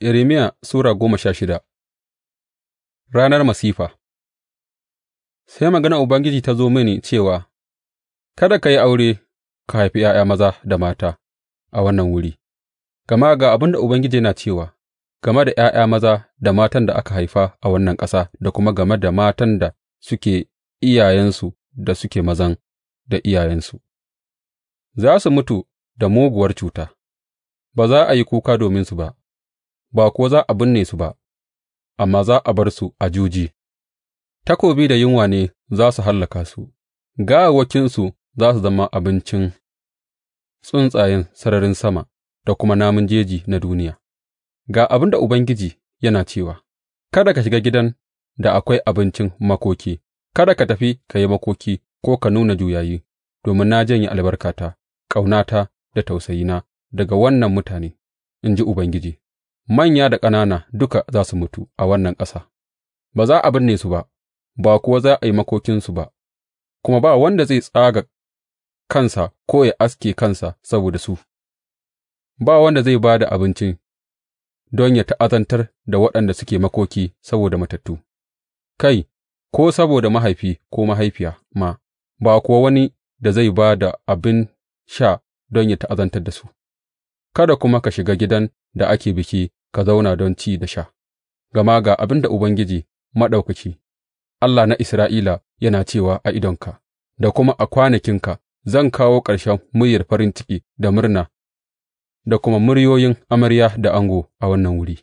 Irmiya Sura goma sha shida Ranar masifa Sai magana Ubangiji ta zo mini cewa, Kada ka yi aure ka haifi ’ya'ya maza da mata a wannan wuri, gama ga abin da Ubangiji yana cewa game da ’ya'ya maza da matan da aka haifa a wannan ƙasa da kuma game da matan da suke iyayensu da suke mazan da iyayensu, za su mutu da muguwar cuta, ba za a yi kuka dominsu ba. ba kuwa za a binne su ba, amma za a bar su a juji, takobi da yunwa ne za su hallaka su, gawawwakinsu za su zama abincin tsuntsayen sararin sama da kuma namun jeji na duniya. Ga abin da Ubangiji yana cewa, Kada ka shiga gidan da akwai abincin makoki, kada ka tafi ka yi makoki ko ka nuna juyayi, domin na janye albarkata, ƙaunata da tausayina daga wannan mutane, in ji Ubangiji. manya da ƙanana duka za su mutu a wannan ƙasa, ba za a binne su ba, ba kuwa za a yi makokinsu ba, kuma ba wanda zai tsaga kansa ko ya aske kansa saboda su, ba wanda zai ba da abincin don ya ta'azantar da waɗanda suke makoki saboda matattu, kai, ko saboda mahaifi ko mahaifiya ma, ba kuwa wani da zai ba da abin sha don ya ta'azantar da su, kada kuma ka shiga gidan da ake biki ka zauna don ci da sha, gama ga abin da Ubangiji Maɗaukaki, Allah na Isra'ila yana cewa a idonka, da kuma a kwanakinka zan kawo ƙarshen muryar farin ciki da murna da kuma muryoyin amarya da ango a wannan wuri.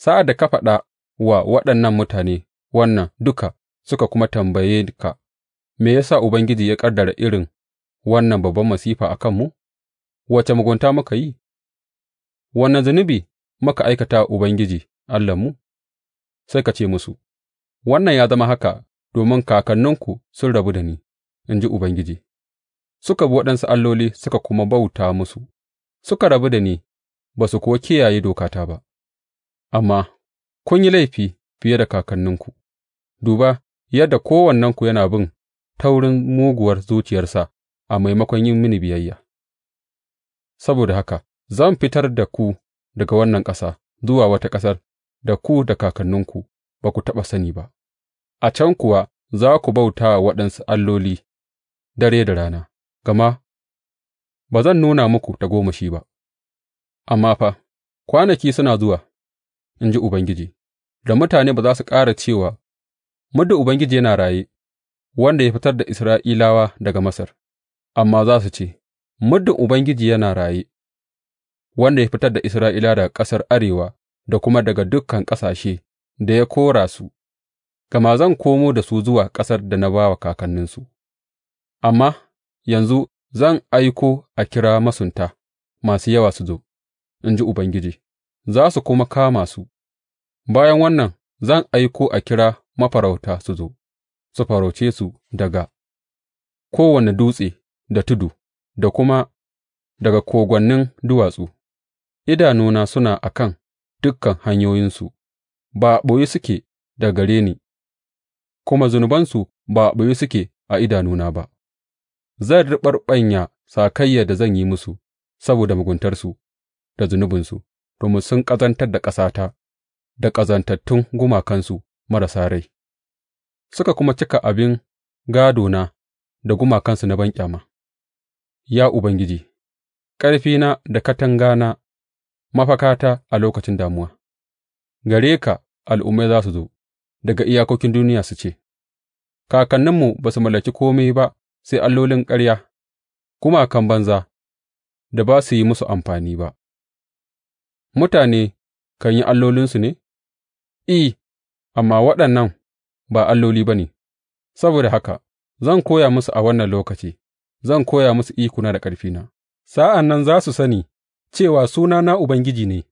Sa'ad da ka faɗa wa waɗannan mutane wannan duka suka kuma tambaye ka, Me ya sa Ubangiji ya ƙaddara irin wannan babban masifa a kanmu? Wace mugunta muka yi, Wannan zunubi muka aikata wa Ubangiji Allahnmu? Sai ka ce musu, Wannan ya zama haka domin kakanninku sun rabu da ni, in ji Ubangiji, suka bi waɗansu alloli suka kuma bauta musu, suka rabu da ni, ba su kuwa kiyaye dokata ba, amma kun yi laifi fiye da kakanninku, duba yadda kowannenku yana bin taurin muguwar zuciyarsa a maimakon yin mini biyayya. Saboda haka zan fitar da ku daga wannan ƙasa zuwa wata ƙasar da ku da kakanninku ba ku taɓa sani ba, a can kuwa za ku bauta wa waɗansu alloli dare da rana, gama ba zan nuna muku tagomashi ba, amma fa, kwanaki suna zuwa, in ji Ubangiji, da mutane ba za su ƙara cewa, Muddin Ubangiji yana raye, wanda ya fitar da Isra'ilawa daga Masar, amma za su ce, Muddin Ubangiji yana raye, wanda ya fitar da Isra'ila daga ƙasar arewa da kuma daga dukan ƙasashe da ya kora su, gama zan komo da su zuwa ƙasar da na ba wa kakanninsu, amma yanzu zan aiko a kira masunta masu yawa su zo, in ji Ubangiji, za su kuma kama su, bayan wannan zan aiko a kira mafarauta su zo, su farauce su daga kowane dutse da tudu da kuma daga kogwannin duwatsu. idanuna suna a kan dukan hanyoyinsu, ba a ɓoye suke daga gare ni, kuma zunubansu ba a ɓoye suke a idanuna ba; zan riɓaɓɓanya sakayyar da zan yi musu saboda muguntarsu da zunubinsu, domin sun ƙazantar da ƙasata da ƙazantattun gumakansu marasa rai, suka kuma cika abin gādona da gumakansu na banƙyama. Ya Ubangiji, ƙarfina da katangana mafakata a lokacin damuwa; gare ka al'ummai za su zo daga iyakokin duniya su ce, Kakanninmu ba su mallaki kome ba sai allolin ƙarya, Kuma kan banza da ba su yi musu amfani ba, mutane kan yi allolinsu ne, I, amma waɗannan ba alloli ba ne, saboda haka zan koya musu a wannan lokaci, zan koya musu ikuna da ƙarfina, sa'an nan za su sani. cewa Sunana Ubangiji ne.